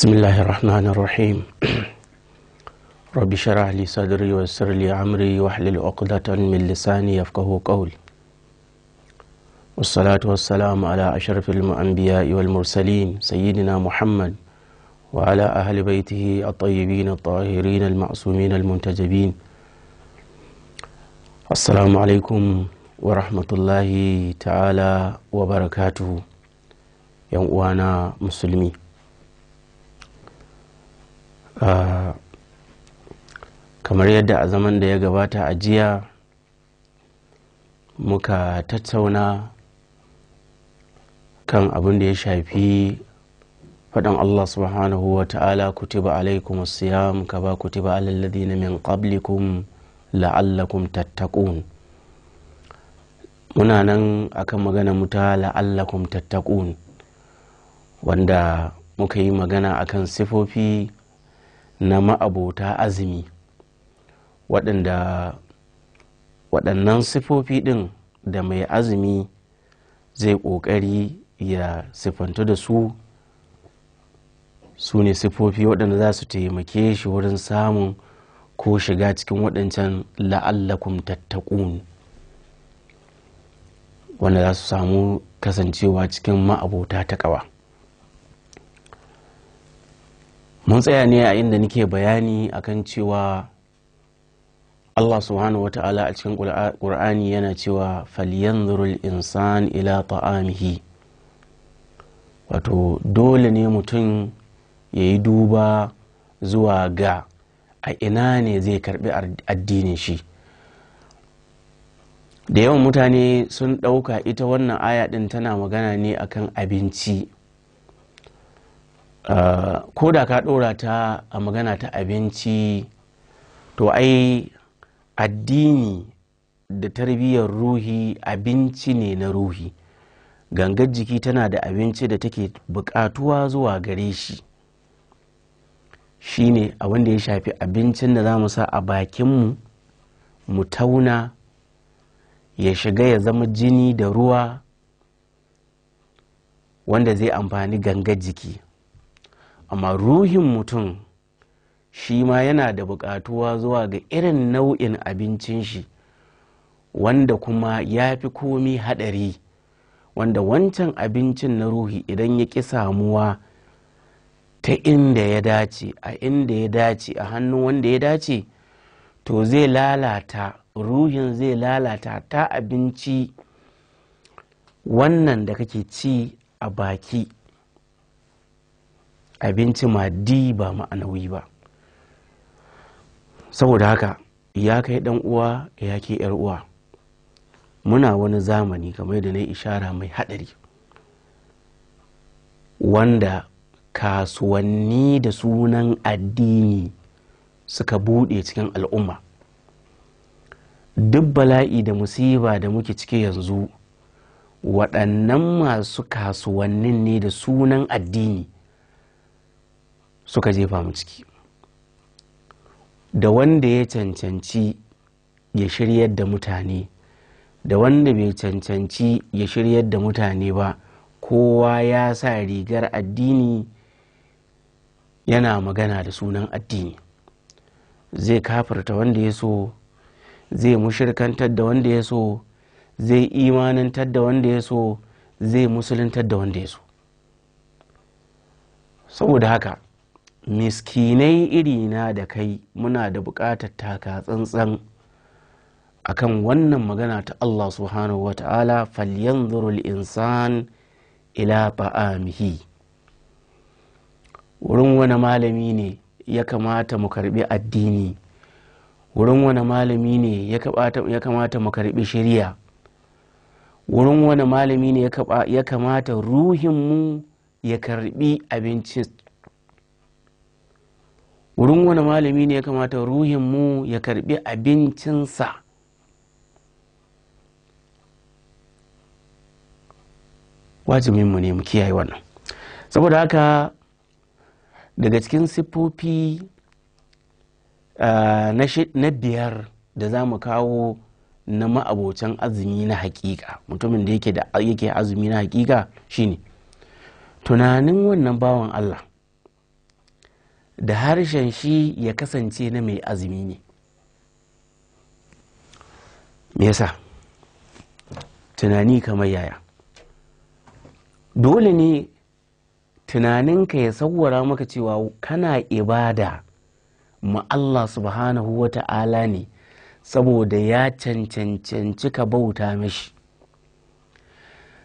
بسم الله الرحمن الرحيم رب شرح لي صدري ويسر لي عمري واحلل عقدة من لساني يفقه قولي والصلاة والسلام على أشرف الأنبياء والمرسلين سيدنا محمد وعلى أهل بيته الطيبين الطاهرين المعصومين المنتجبين السلام عليكم ورحمة الله تعالى وبركاته يوم وانا مسلمين Ah, kamar yadda a zaman da ya gabata a jiya muka tattauna kan abin da ya shafi faɗin Allah subhanahu wa ta'ala kutiba alaikum siyam ka ba kutiba alalladina min qablikum la'allakum tattaqun muna nan akan magana muta la'allakum tattaqun wanda muka yi magana akan sifofi na ma'abota azumi waɗanda waɗannan sifofi ɗin da mai azumi zai ƙoƙari ya sifantu da su su ne sifofi waɗanda za su taimake shi wurin samun ko shiga cikin waɗancan la'allakum tattaƙun wanda za su samu kasancewa cikin ma'abota ta ƙawa mun tsaya ne a inda nake bayani akan cewa Allah subhanahu wata'ala a cikin ƙur'ani yana cewa zurul insan ila ta'amihi wato dole ne mutum ya yi duba zuwa ga a ina ne zai karbi addinin shi da yawan mutane sun ɗauka ita wannan aya ɗin tana magana ne akan abinci Eh, ko da ka ɗora ta a magana ta abinci to ai addini da tarbiyyar ruhi abinci ne na ruhi gangar jiki tana da abinci da take bukatuwa zuwa gare shi shine ne wanda ya shafi abincin da za mu sa a bakinmu mu tauna ya shiga ya zama jini da ruwa wanda zai amfani gangar jiki amma ruhin mutum shi ma yana da buƙatuwa zuwa ga irin nau'in abincin shi wanda kuma ya fi komi haɗari wanda wancan abincin na ruhi idan ya ƙi samuwa ta inda ya dace a inda ya dace a hannun wanda ya dace to zai lalata ruhin zai lalata ta abinci wannan da kake ci a baki abinci maddi ba ma'anawi ba saboda haka ya kai dan uwa ya ke yar uwa muna wani zamani kamar da na ishara mai hadari wanda kasuwanni da sunan addini suka bude cikin al'umma duk bala'i da musiba da muke ciki yanzu waɗannan masu kasuwannin ne da sunan addini suka jefa mu ciki da wanda ya cancanci ya shiryar da mutane da wanda bai cancanci ya shiryar da mutane ba kowa ya sa rigar addini yana magana da sunan addini zai kafirta wanda ya so zai mushirkantar da wanda ya so zai imanantar da wanda ya so zai musuluntar da wanda ya so saboda haka miskinai irina da kai muna da buƙatar taka tsantsan A kan wannan magana ta Allah subhanahu wa ta'ala falyanzurul insan ila ba'amihi wurin wani malami ne ya kamata mu karbi addini wurin wani malami ne ya kamata mu karbi shirya wurin wani malami ne ya kamata ruhinmu ya karbi abinci? wurin wani malami ne ya kamata ruhinmu ya karbi abincinsa wajibinmu ne mu kiyaye wannan saboda haka daga cikin siffofi na biyar da za mu kawo na ma'abocan azumi na hakika mutumin da yake azumi na hakika shine tunanin wannan bawan allah da harshen shi ya kasance na mai azumi ne me yasa tunani kamar yaya dole ne tunaninka ya sauwara maka cewa kana ibada ma Allah subhanahu wa ta'ala ne saboda ya cancanci ka bauta mashi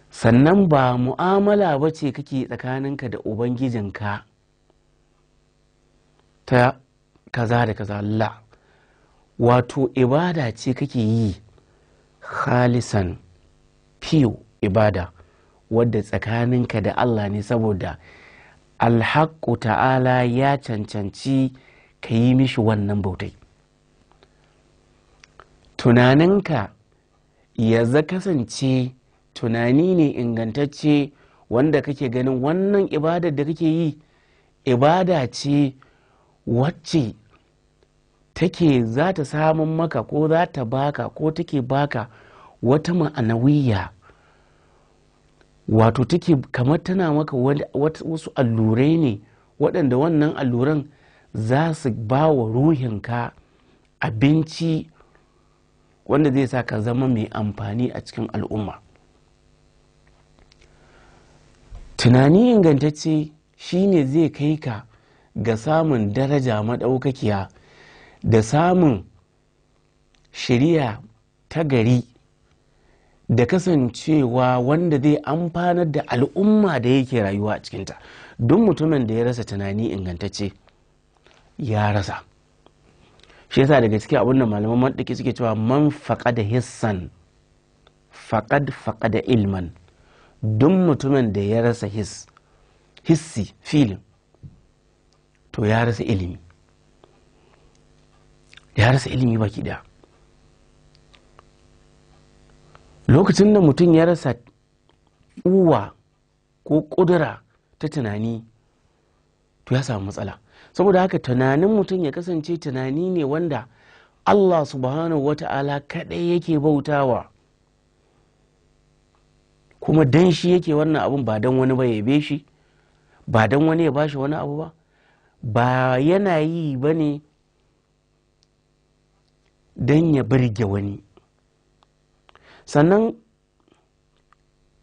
sannan ba mu'amala ba ce kake tsakaninka da ubangijinka ta kaza da kaza la wato ibada ce kake yi khalisan fiyo ibada wadda tsakaninka da Allah ne saboda alhaƙu ta'ala ya cancanci ka yi mishi wannan bautai tunaninka ya za kasance tunani ne ingantacce wanda kake ganin wannan ibadar da kake yi ibada ce wacce take za ta samun maka ko za ta baka ko take baka wata ma'anawiya wato take kamar tana maka wasu allurai ne waɗanda wannan alluran za su ba wa ruhinka abinci wanda zai sa ka zama mai amfani a cikin al'umma tunani ingantacce ne zai kai ka ga samun daraja maɗaukakiya da samun shirya ta gari da kasancewa wanda zai amfanar da al'umma da yake rayuwa a cikinta don mutumin da ya rasa tunani ingantacce ya rasa shi yasa daga cikin abin da malaman maɗauki suke cewa man faƙa da hissan faƙad faƙa da ilman don mutumin da ya rasa hissi filin to ya rasa ilimi ya rasa ilimi baki daya lokacin da mutum ya rasa uwa ko kudura ta tunani to ya samu matsala saboda haka tunanin mutum ya kasance tunani ne wanda allah subhanahu wata'ala kaɗai yake bautawa kuma dan shi yake wannan abun ba dan wani ba ya yabe shi ba dan wani ya bashi wani abu ba ba yana yi ba ne don ya birge wani sannan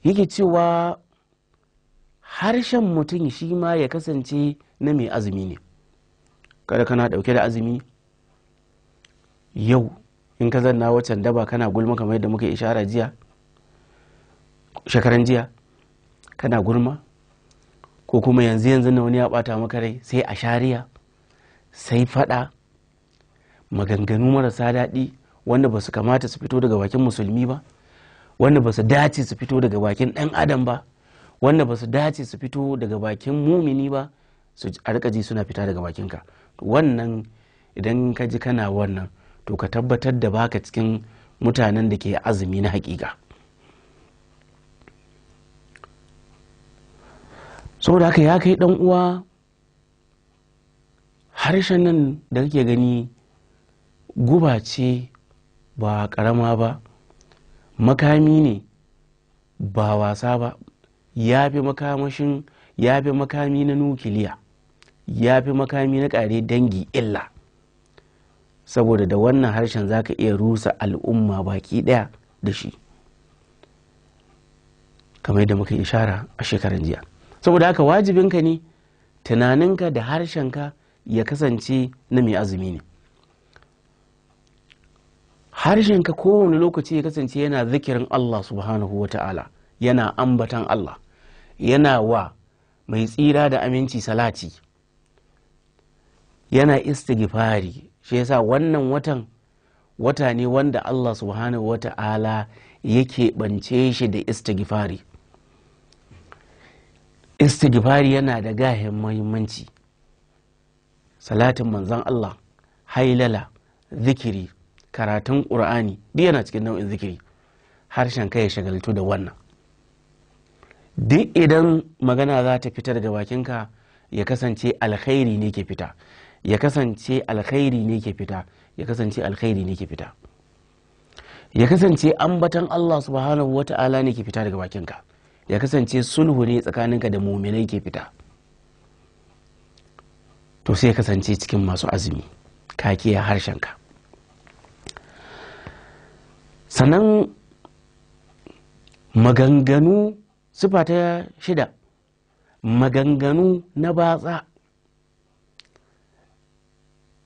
yake cewa harshen mutum shi ma ya kasance na mai azumi ne kada kana dauke da azumi yau in ka zanna wacan daba kana gulma kamar yadda muka ishara jiya shekaran jiya kana gulma ko kuma yanzu yanzu na wani ya bata maka rai sai a shariya sai fada maganganu marasa daɗi wanda ba su kamata su fito daga bakin musulmi ba wanda ba su dace su fito daga bakin ɗan adam ba wanda ba su dace su fito daga bakin mumini ba su a suna fita daga bakin ka wannan idan ka ji kana wannan to ka tabbatar da baka cikin mutanen da ke azumi na hakika saboda haka ya kai dan uwa harshen nan da kake gani guba ce ba karama ba makami ne ba wasa ba ya fi makamashin ya fi makami na nukiliya ya fi makami na kare dangi illa saboda da wannan harshen za ka iya rusa al'umma baki daya da shi kamar da muka ishara a shekaran jiya saboda haka wajibinka ne tunaninka da harshenka ya kasance na mai azumi ne harshenka kowane lokaci ya kasance yana zikirin Allah subhanahu wa ta'ala yana ambatan Allah yana wa mai tsira da aminci salati yana istighfari shi yasa wannan watan wata ne wanda Allah subhanahu wa ta'ala yake bance shi da istighfari istighfari yana da gahin muhimmanci salatin manzan Allah hailala zikiri karatun ƙur'ani duk yana cikin nau'in zikiri harshen kai ya shagaltu da wannan duk idan magana za ta fita daga bakinka ya kasance alkhairi ne ke fita ya kasance alkhairi ne ke fita ya kasance alkhairi ne ke fita ya kasance ambatan Allah subhanahu wata'ala ne ke fita daga bakinka ya kasance sulhu ne tsakaninka da muminai ke fita to sai ya kasance cikin masu azumi ka kiya harshenka sannan maganganu sufa ta shida maganganu na batsa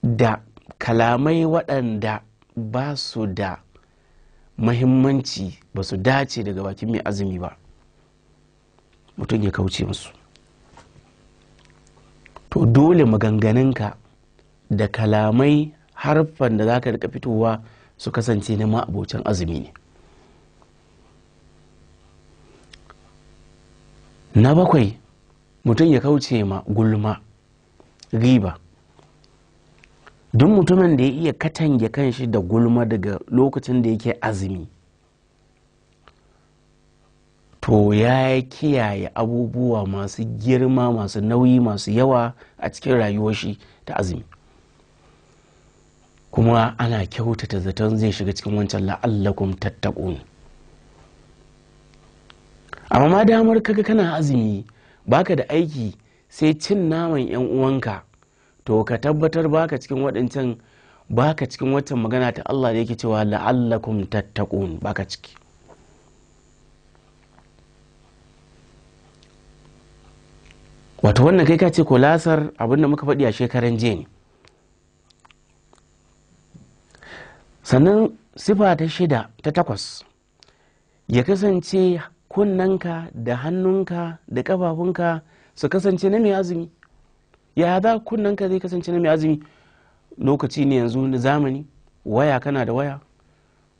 da kalamai waɗanda ba su da mahimmanci ba su dace daga bakin mai azumi ba mutum ya kauce musu to dole maganganunka da kalamai harfan da za ka rika fitowa su kasance na ma'abocin azumi ne na bakwai mutum ya kauce ma gulma riba duk mutumin da ya iya katange kanshi da gulma daga lokacin da yake azumi to ya kiyaye abubuwa masu girma masu nauyi masu yawa a cikin rayuwar shi ta azumi kuma ana kyautata zaton zai shiga cikin wancan la'allakum tattaqun amma ma damar kaga kana azumi baka da aiki sai cin naman yan uwanka to ka tabbatar baka cikin waɗancan baka cikin waccan magana ta Allah da yake cewa la'allakum ba baka ciki wato wannan kai ka ce kulasar abin da muka faɗi a shekaran jiya ne sannan sifa ta shida ta takwas ya kasance kunnanka da hannunka da ƙafafunka su kasance na mai azumi ya za kunnanka zai kasance na mai azumi lokaci ne yanzu na zamani waya kana da waya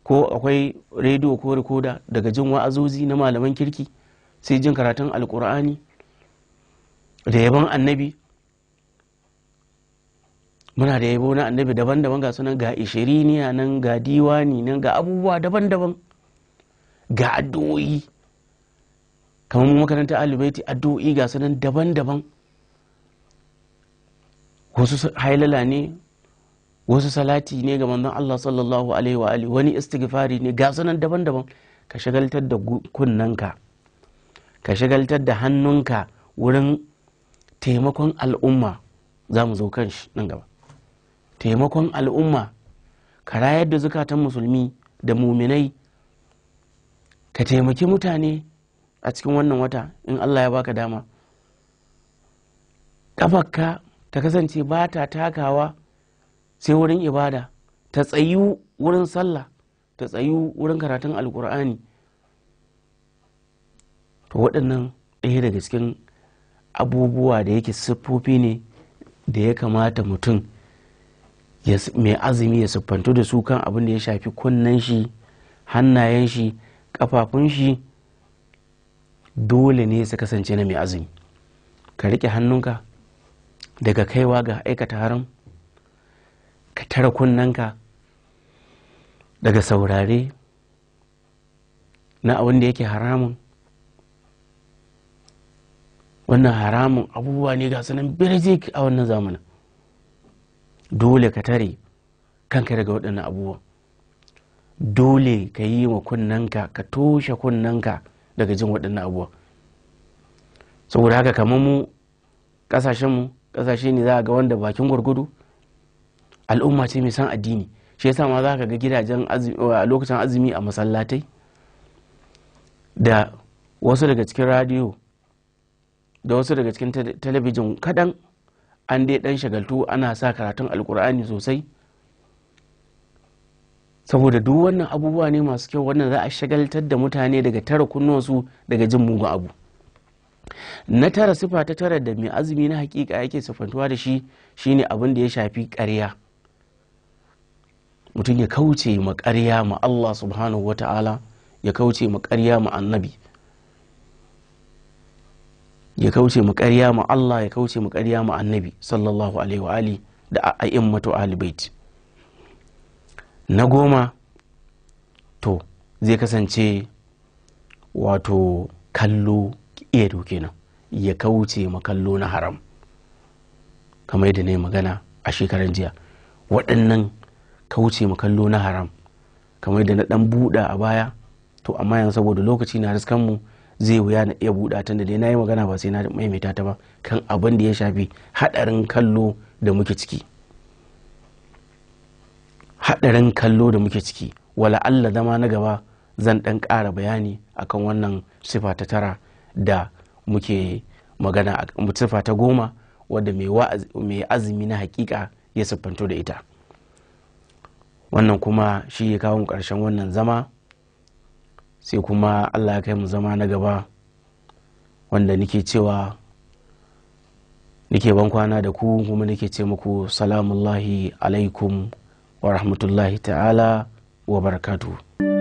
ko akwai rediyo ko rikoda daga jin wa'azozi na malaman kirki sai jin karatun alkur'ani da yabon annabi muna da yabo na annabi daban-daban ga sunan ga ishiriniya nan ga diwani nan ga abubuwa daban-daban ga addu'o'i kamar mu makaranta alibaiti addu'o'i ga sunan daban-daban wasu hailala ne wasu salati ne ga manzon Allah sallallahu alaihi wa alihi wani istighfari ne ga sunan daban-daban ka shagaltar da kunnanka ka shagaltar da hannunka wurin taimakon al'umma za mu zo kan shi nan gaba taimakon al'umma ka rayar da zukatan musulmi da muminai ka taimaki mutane a cikin wannan wata in allah ya baka dama ƙafarka ta kasance ba ta takawa sai wurin ibada ta tsayu wurin sallah ta tsayu wurin karatun alkur'ani to waɗannan ɗaya daga cikin abubuwa da yake siffofi ne da ya kamata mutum mai azumi ya siffantu da su kan abin da ya shafi kunnen shi hannayen shi kafafun shi dole ne su kasance na mai azumi ka riƙe hannunka daga kaiwa ga aikata haram ka tara kunnanka daga saurare na abin da yake haramun wannan haramun abubuwa ne ga sunan birjik a wannan zamanin dole ka tare kanka daga waɗannan abubuwa dole ka yi wa kunnanka ka toshe kunnanka daga jin waɗannan abubuwa saboda haka kamar mu mu ƙasashe ne za a ga wanda bakin gwargwado al'umma ce mai san addini shi yasa ma za ka ga gidajen lokacin azumi a masallatai da wasu daga cikin radiyo da wasu daga cikin talabijin kaɗan an dai ɗan shagaltu ana sa karatun alkur'ani sosai saboda duk wannan abubuwa ne masu kyau wannan za a shagaltar da mutane daga tara kunnuwansu daga jin mugun abu na tara sifa ta tara da mai azumi na hakika yake sifantuwa da shi shine abin da ya shafi ƙarya mutum ya kauce ma ƙarya ma Allah subhanahu wa ta'ala ya kauce ma ƙarya ma annabi ya kauce mu ƙarya ma Allah ya kauce mu ƙarya ma annabi sallallahu alaihi wa ali da a'immatu ahli bait na goma to zai kasance wato kallo ido kenan ya kauce ma kallo na haram kamar yadda na yi magana a shekaran jiya waɗannan kauce ma kallo na haram kamar yadda na ɗan buɗa a baya to amma yanzu saboda lokaci na riskanmu mu zai wuya na iya buɗa da dai na yi magana ba sai na maimaita ta ba kan abin da ya shafi haɗarin kallo da muke ciki haɗarin kallo da muke ciki wala Allah zama na gaba zan ɗan ƙara bayani akan wannan sifa ta tara da muke magana sifa ta goma wadda mai azumi na hakika ya siffanto da ita wannan kuma shi ya kawo ƙarshen wannan zama sai kuma allah ya kai mu zama na gaba wanda nake cewa nake ban kwana da ku kuma nake ce muku salamullahi alaikum wa rahmatullahi ta'ala wa barakatu.